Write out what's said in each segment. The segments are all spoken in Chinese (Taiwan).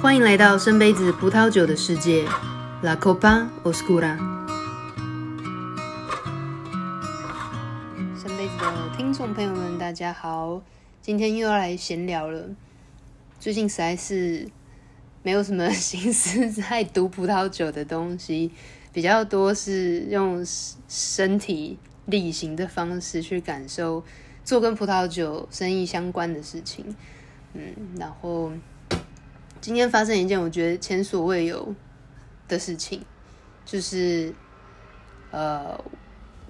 歡迎來到深杯子葡萄酒的世界，La Copa Oscura。深杯子的聽眾朋友們，大家好，今天又要來閒聊了。最近實在是沒有什麼心思在讀葡萄酒的東西，比較多是用身體力行的方式去感受，做跟葡萄酒生意相關的事情。嗯，然後。今天發生一件我覺得前所未有的事情，就是，呃，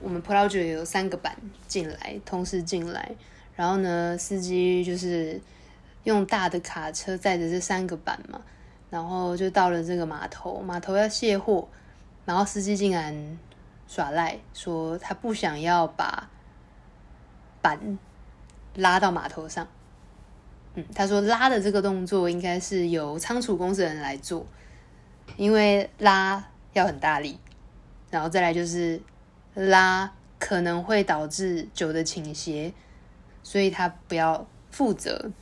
我們葡萄酒有三個板進來，同時進來，然後呢，司機就是用大的卡車載着這三個板嘛，然後就到了這個碼頭，碼頭要卸貨，然後司機竟然耍賴，說他不想要把板拉到碼頭上。嗯，他說拉的這個動作應該是由倉儲公司的人來做，因為拉要很大力，然後再來就是拉可能會導致酒的傾斜，所以他不要負責。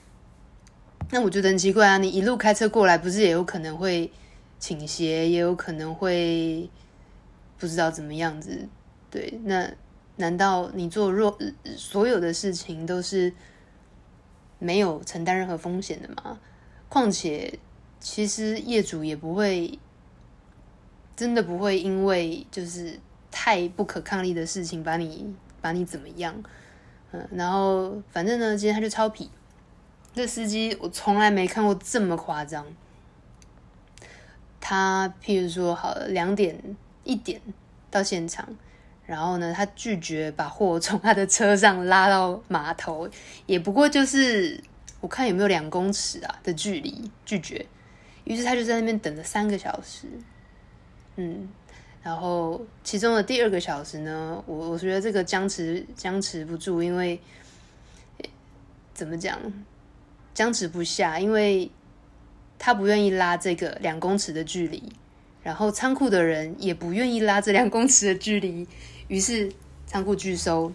那我覺得很奇怪啊，你一路開車過來，不是也有可能會傾斜，也有可能會不知道怎麼樣子？對，那難道你做弱所有的事情都是？沒有承擔任何風險的嘛？況且，其實業主也不會，真的不會因為就是太不可抗力的事情把你把你怎麼樣。嗯，然後反正呢，今天他就超皮，這司機我從來沒看過這麼誇張。他譬如說好了，兩點一點到現場。然後呢，他拒絕把貨從他的車上拉到碼頭，也不過就是我看有沒有兩公尺啊的距離，拒絕。於是他就在那邊等了三個小時，嗯，然後其中的第二個小時呢，我我覺得這個僵持僵持不住，因為怎麼講，僵持不下，因為他不願意拉這個兩公尺的距離。然後倉庫的人也不願意拉這兩公尺的距離，於是倉庫拒收。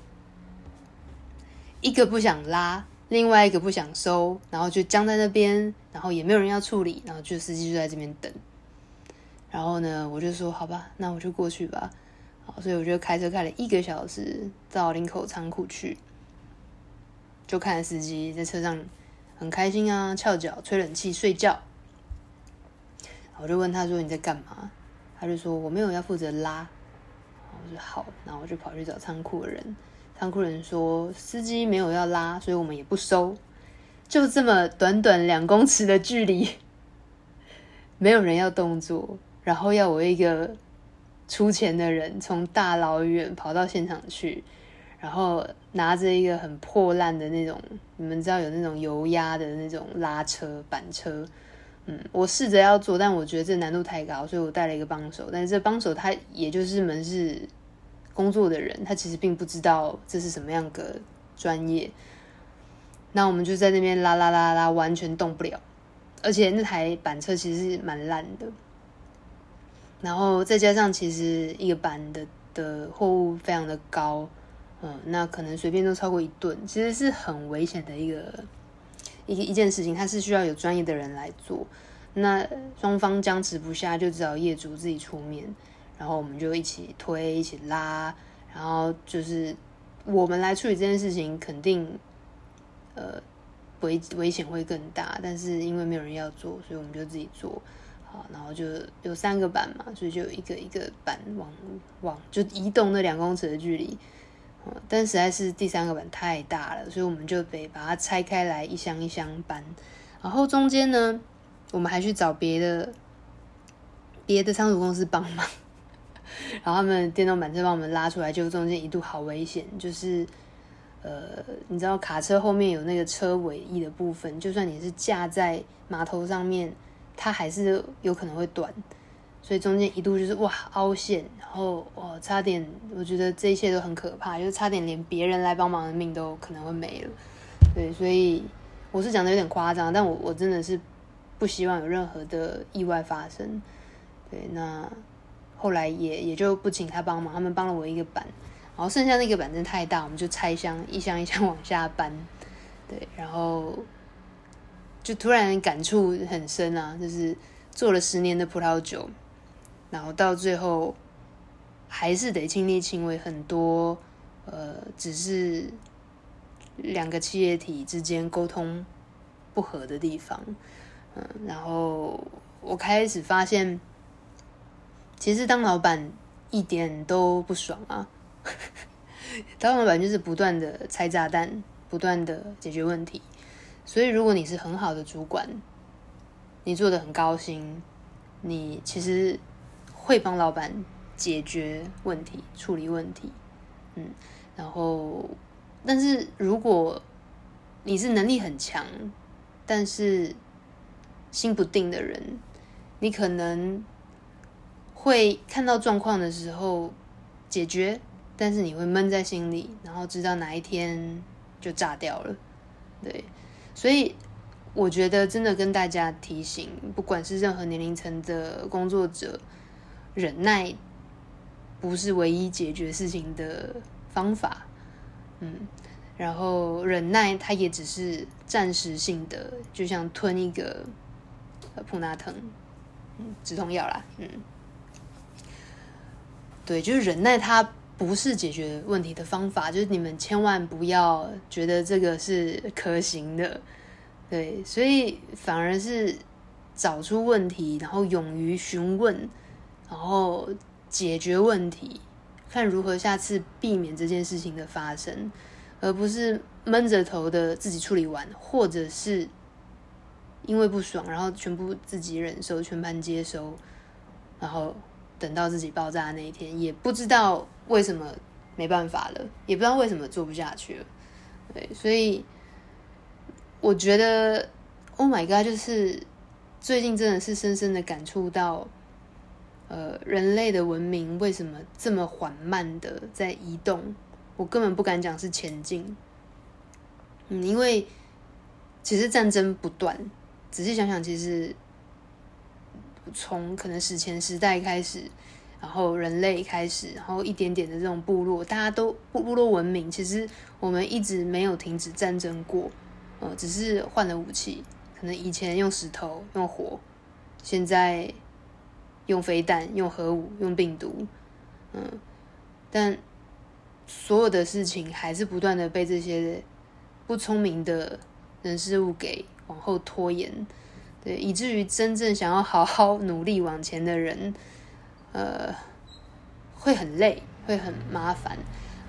一個不想拉，另外一個不想收，然後就僵在那邊，然後也沒有人要處理，然後就司機就在這邊等。然後呢，我就說好吧，那我就過去吧。好，所以我就開車開了一個小時到林口倉庫去，就看了司機在車上很開心啊，翹腳吹冷氣睡覺。我就問他說，你在幹嘛？他就說，我沒有要負責拉，我說好，然後我就跑去找倉庫的人，倉庫人說司機沒有要拉，所以我們也不收，就這麼短短兩公尺的距離，沒有人要動作，然後要我一個出錢的人從大老遠跑到現場去，然後拿着一個很破爛的那種，你們知道有那種油壓的那種拉車板車。嗯，我試着要做，但我覺得這難度太高，所以我帶了一個幫手。但是這幫手他也就是門市工作的人，他其實並不知道這是什麼樣的專業。那我們就在那邊拉拉拉拉，完全動不了。而且那台板車其實是蠻爛的，然後再加上其實一個板的的貨物非常的高，嗯，那可能隨便都超過一噸，其實是很危險的一個。一一件事情，它是需要有專業的人來做。那雙方僵持不下，就只好業主自己出面，然後我們就一起推、一起拉，然後就是我們來處理這件事情，肯定呃危危險會更大。但是因為沒有人要做，所以我們就自己做。好，然後就有三個板嘛，所以就有一個一個板往往就移動那兩公尺的距離。但實在是第三個板太大了，所以我們就得把它拆開來一箱一箱搬。然後中間呢，我們還去找別的別的倉儲公司幫忙， 然後他們電動板車幫我們拉出來，就中間一度好危險，就是呃，你知道卡車後面有那個車尾翼的部分，就算你是架在碼頭上面，它還是有可能會斷所以中間一度就是哇，凹陷，然後哇，差點，我覺得這一切都很可怕，就是、差點連別人來幫忙的命都可能會沒了。對，所以我是講的有點誇張，但我我真的是不希望有任何的意外發生。對，那後來也也就不請他幫忙，他們幫了我一個板，然後剩下那個板真太大，我們就拆箱一箱一箱往下搬。對，然後就突然感觸很深啊，就是做了十年的葡萄酒。然後到最後，還是得親力親為，很多呃，只是兩個企業體之間溝通不合的地方。嗯、呃，然後我開始發現，其實當老闆一點都不爽啊！呵呵，當老闆就是不斷的拆炸彈，不斷的解決問題。所以如果你是很好的主管，你做得很高興，你其實。會幫老闆解決問題、處理問題，嗯，然後，但是如果你是能力很強，但是心不定的人，你可能會看到狀況的時候解決，但是你會悶在心裡，然後知道哪一天就炸掉了，對，所以我覺得真的跟大家提醒，不管是任何年齡層的工作者。忍耐不是唯一解決事情的方法，嗯，然後忍耐它也只是暫時性的，就像吞一個呃普拿疼，嗯，止痛藥啦，嗯，對，就是忍耐它不是解決問題的方法，就是你們千萬不要覺得這個是可行的，對，所以反而是找出問題，然後勇於詢問。然後解決問題，看如何下次避免這件事情的發生，而不是悶着頭的自己處理完，或者是因為不爽，然後全部自己忍受，全盤接收，然後等到自己爆炸的那一天，也不知道為什麼沒辦法了，也不知道為什麼做不下去了。對，所以我覺得，Oh my God，就是最近真的是深深的感觸到。呃，人類的文明為什麼這麼緩慢的在移動？我根本不敢講是前進，嗯，因為其實戰爭不斷。仔細想想，其實從可能史前時代開始，然後人類開始，然後一點點的這種部落，大家都部落文明，其實我們一直沒有停止戰爭過，呃，只是換了武器，可能以前用石頭、用火，現在。用飛彈、用核武、用病毒，嗯，但所有的事情還是不斷的被這些不聰明的人事物給往後拖延，對，以至於真正想要好好努力往前的人，呃，會很累，會很麻煩。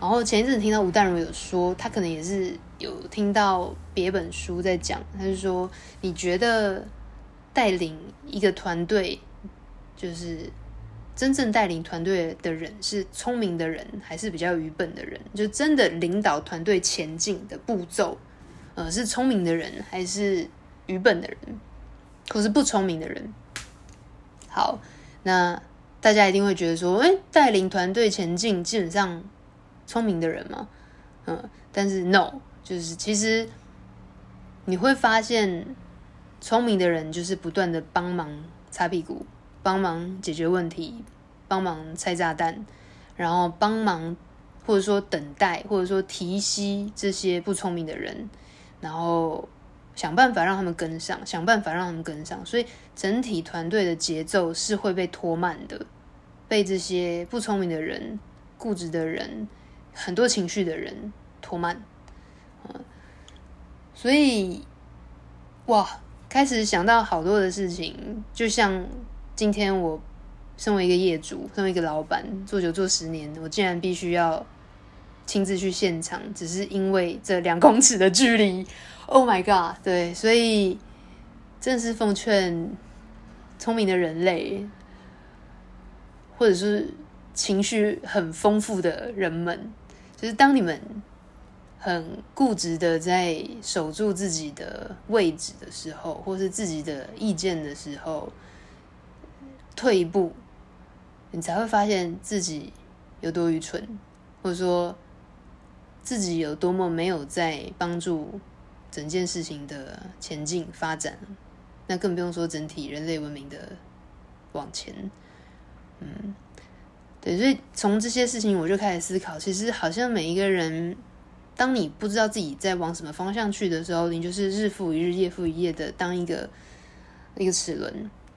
然後前一陣子聽到吳淡如有說，他可能也是有聽到別本書在講，他就說，你覺得帶領一個團隊？就是真正帶領團隊的人是聰明的人，還是比較愚笨的人？就真的領導團隊前進的步驟，呃，是聰明的人，還是愚笨的人，或是不聰明的人？好，那大家一定會覺得說，哎、欸，帶領團隊前進，基本上聰明的人嘛，嗯，但是 no，就是其實你會發現，聰明的人就是不斷的幫忙擦屁股。幫忙解決問題，幫忙拆炸彈，然後幫忙或者說等待或者說提醒這些不聰明的人，然後想辦法讓他們跟上，想辦法讓他們跟上，所以整體團隊的節奏是會被拖慢的，被這些不聰明的人、固執的人、很多情緒的人拖慢。嗯，所以哇，開始想到好多的事情，就像。今天我身為一個業主，身為一個老闆，做久做十年，我竟然必須要親自去現場，只是因為這兩公尺的距離。Oh my god！對，所以真的是奉勸聰明的人類，或者是情緒很豐富的人們，就是當你們很固執的在守住自己的位置的時候，或是自己的意見的時候。退一步，你才會發現自己有多愚蠢，或者說自己有多麼沒有在幫助整件事情的前進發展。那更不用說整體人類文明的往前。嗯，對。所以從這些事情，我就開始思考，其實好像每一個人，當你不知道自己在往什麼方向去的時候，你就是日復一日、夜復一夜的當一個一個齒輪。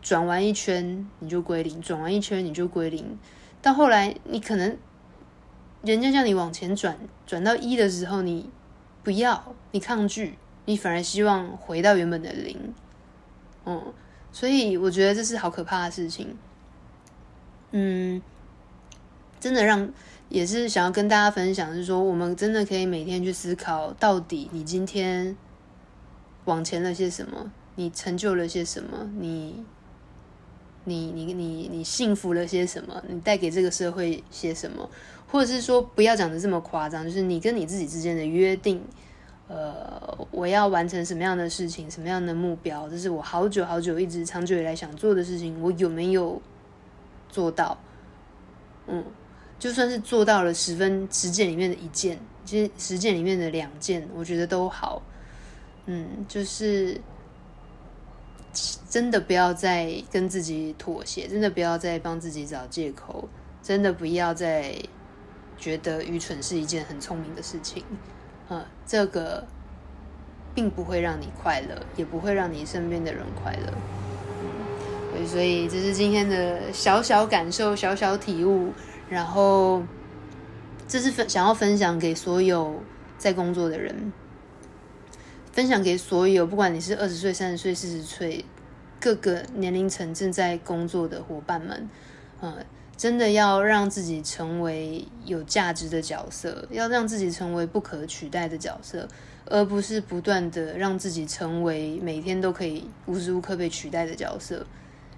轉完一圈你就歸零，轉完一圈你就歸零。到後來你可能，人家叫你往前轉，轉到一的時候，你不要，你抗拒，你反而希望回到原本的零。嗯，所以我覺得這是好可怕的事情。嗯，真的讓也是想要跟大家分享，是說我們真的可以每天去思考，到底你今天往前了些什麼，你成就了些什麼，你。你你你你幸福了些什麼？你帶給這個社會些什麼？或者是說，不要講得這麼誇張，就是你跟你自己之間的約定，呃，我要完成什麼樣的事情，什麼樣的目標，這是我好久好久一直長久以來想做的事情，我有沒有做到？嗯，就算是做到了十分十件裡面的一件，其實十件裡面的兩件，我覺得都好。嗯，就是。真的不要再跟自己妥協，真的不要再幫自己找借口，真的不要再覺得愚蠢是一件很聰明的事情。嗯，這個並不會讓你快樂，也不會讓你身邊的人快樂。嗯，對，所以這是今天的小小感受、小小體悟。然後，這是分想要分享給所有在工作的人。分享給所有，不管你是二十歲、三十歲、四十歲，各個年齡層正在工作的夥伴們，嗯，真的要讓自己成為有價值的角色，要讓自己成為不可取代的角色，而不是不斷的讓自己成為每天都可以無時無刻被取代的角色，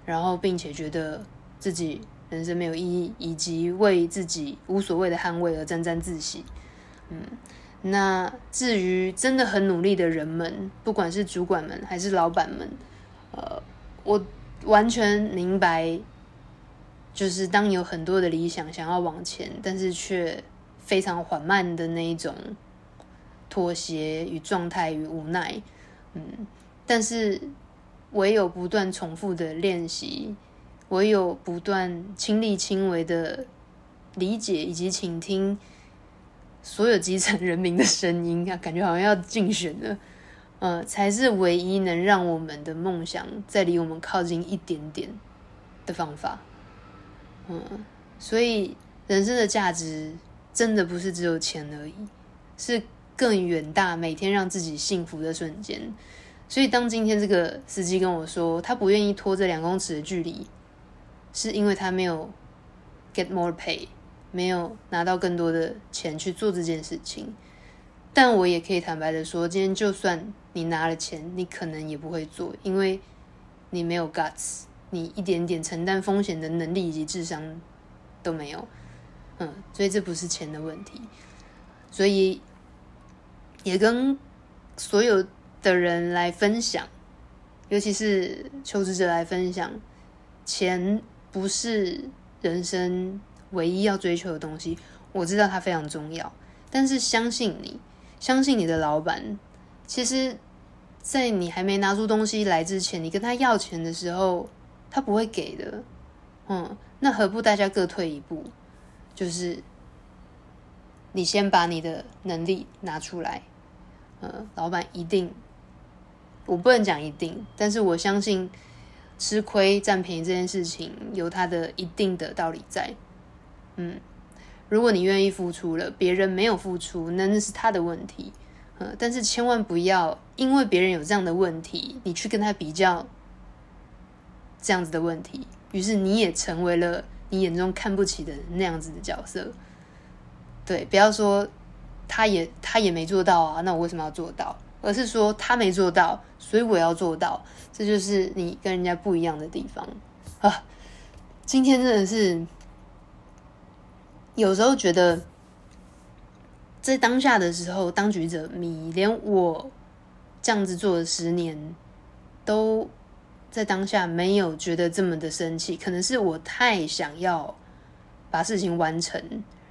然後並且覺得自己人生沒有意義，以及為自己無所謂的捍衛而沾沾自喜，嗯。那至於真的很努力的人們，不管是主管們還是老闆們，呃，我完全明白，就是當有很多的理想想要往前，但是卻非常緩慢的那一種妥協與狀態與無奈，嗯，但是唯有不斷重複的練習，唯有不斷親力親為的理解以及傾聽，所有基層人民的聲音啊，感覺好像要競選了，嗯、呃，才是唯一能讓我們的夢想再離我們靠近一點點的方法，嗯、呃，所以人生的價值真的不是只有錢而已，是更遠大，每天讓自己幸福的瞬間。所以當今天這個司機跟我說他不願意拖這兩公尺的距離，是因為他沒有 get more pay。沒有拿到更多的錢去做這件事情，但我也可以坦白的說，今天就算你拿了錢，你可能也不會做，因為你沒有 guts，你一點點承擔風險的能力以及智商都沒有。嗯，所以這不是錢的問題，所以也跟所有的人來分享，尤其是求職者來分享，錢不是人生唯一要追求的東西，我知道它非常重要。但是，相信你，相信你的老闆。其實，在你還沒拿出東西來之前，你跟他要錢的時候，他不會給的。嗯，那何不大家各退一步？就是你先把你的能力拿出來，嗯，老闆一定，我不能講一定，但是我相信吃虧占便宜這件事情有它的一定的道理在。嗯，如果你願意付出了，別人沒有付出，那那是他的問題。呃、嗯，但是千萬不要因為別人有這樣的問題，你去跟他比較這樣子的問題，於是你也成為了你眼中看不起的那樣子的角色。對，不要說他也他也沒做到啊，那我為什麼要做到？而是說他沒做到，所以我要做到，這就是你跟人家不一樣的地方啊。今天真的是。有時候覺得，在當下的時候，當局者迷。連我這樣子做了十年，都在當下沒有覺得這麼的生氣。可能是我太想要把事情完成，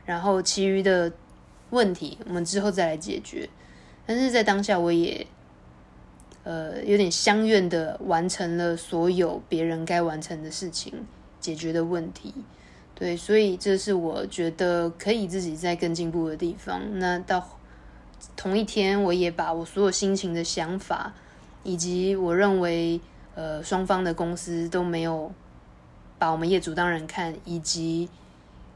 然後其餘的問題我們之後再來解決。但是在當下，我也呃有點相怨的完成了所有別人該完成的事情，解決的問題。對，所以這是我覺得可以自己再更進步的地方。那到同一天，我也把我所有心情的想法，以及我認為，呃，雙方的公司都沒有把我們業主當人看，以及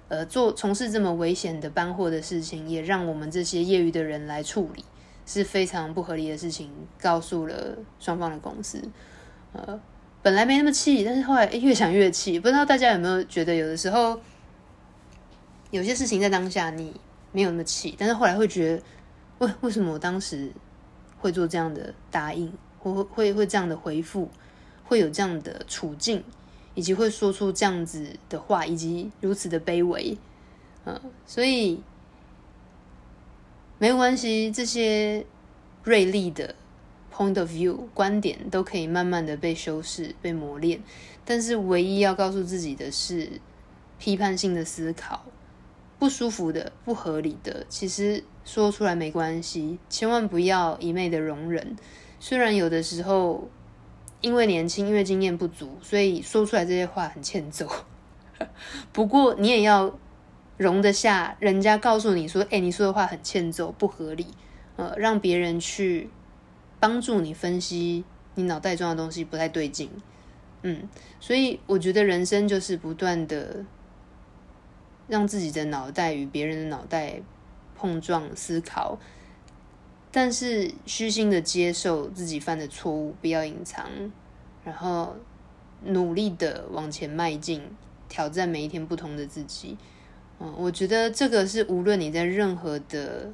呃，做從事這麼危險的搬貨的事情，也讓我們這些業餘的人來處理，是非常不合理的事情，告訴了雙方的公司，呃。本來沒那麼氣，但是後來、欸、越想越氣。不知道大家有沒有覺得，有的時候有些事情在當下你沒有那麼氣，但是後來會覺得，為為什麼我當時會做這樣的答應，會會會這樣的回復，會有這樣的處境，以及會說出這樣子的話，以及如此的卑微，嗯，所以沒有關係，這些銳利的，point of view 觀點都可以慢慢的被修飾、被磨練，但是唯一要告訴自己的是批判性的思考。不舒服的、不合理的，其實說出來沒關係，千萬不要一昧的容忍。雖然有的時候因為年輕、因為經驗不足，所以說出來這些話很欠揍。 不過你也要容得下人家告訴你說：“哎、欸，你說的話很欠揍，不合理。”呃，讓別人去。幫助你分析你腦袋中的東西不太對勁，嗯，所以我覺得人生就是不斷的讓自己的腦袋與別人的腦袋碰撞思考，但是虛心的接受自己犯的錯誤，不要隱藏，然後努力的往前邁進，挑戰每一天不同的自己，嗯，我覺得這個是無論你在任何的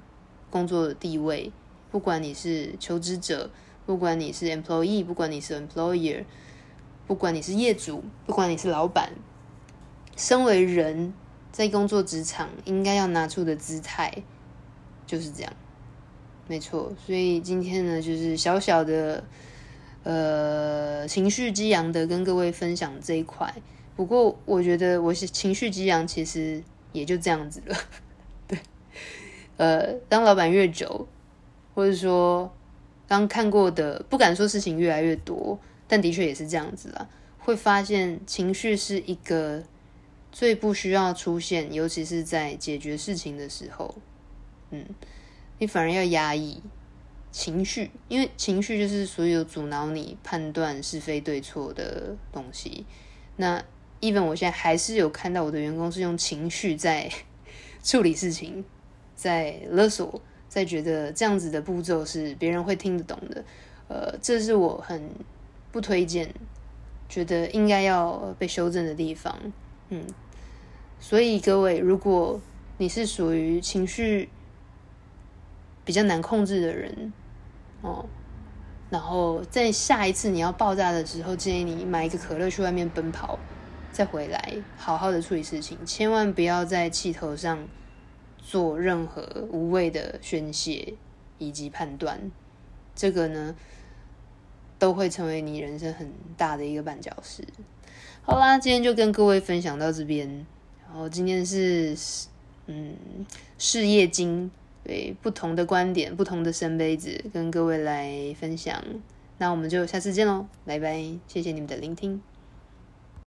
工作的地位，不管你是求職者，不管你是 employee，不管你是 employer，不管你是業主，不管你是老闆，身為人在工作職場應該要拿出的姿態就是這樣，沒錯。所以今天呢，就是小小的呃情緒激昂的跟各位分享這一塊。不過我覺得我是情緒激昂，其實也就這樣子了。對，呃，當老闆越久。或者說剛看過的，不敢說事情越來越多，但的確也是這樣子啊。會發現情緒是一個最不需要出現，尤其是在解決事情的時候，嗯，你反而要壓抑情緒，因為情緒就是所有阻撓你判斷是非對錯的東西。那 even 我現在還是有看到我的員工是用情緒在 處理事情，在勒索。在覺得這樣子的步驟是別人會聽得懂的，呃，這是我很不推薦，覺得應該要被修正的地方，嗯。所以各位，如果你是屬於情緒比較難控制的人，哦，然後在下一次你要爆炸的時候，建議你買一個可樂去外面奔跑，再回來好好的處理事情，千萬不要在氣頭上，做任何無謂的宣洩以及判斷，這個呢，都會成為你人生很大的一個絆腳石。好啦，今天就跟各位分享到這邊。然後今天是嗯生意經，對，不同的觀點、不同的深杯子，跟各位來分享。那我們就下次見嘍，拜拜！謝謝你們的聆聽。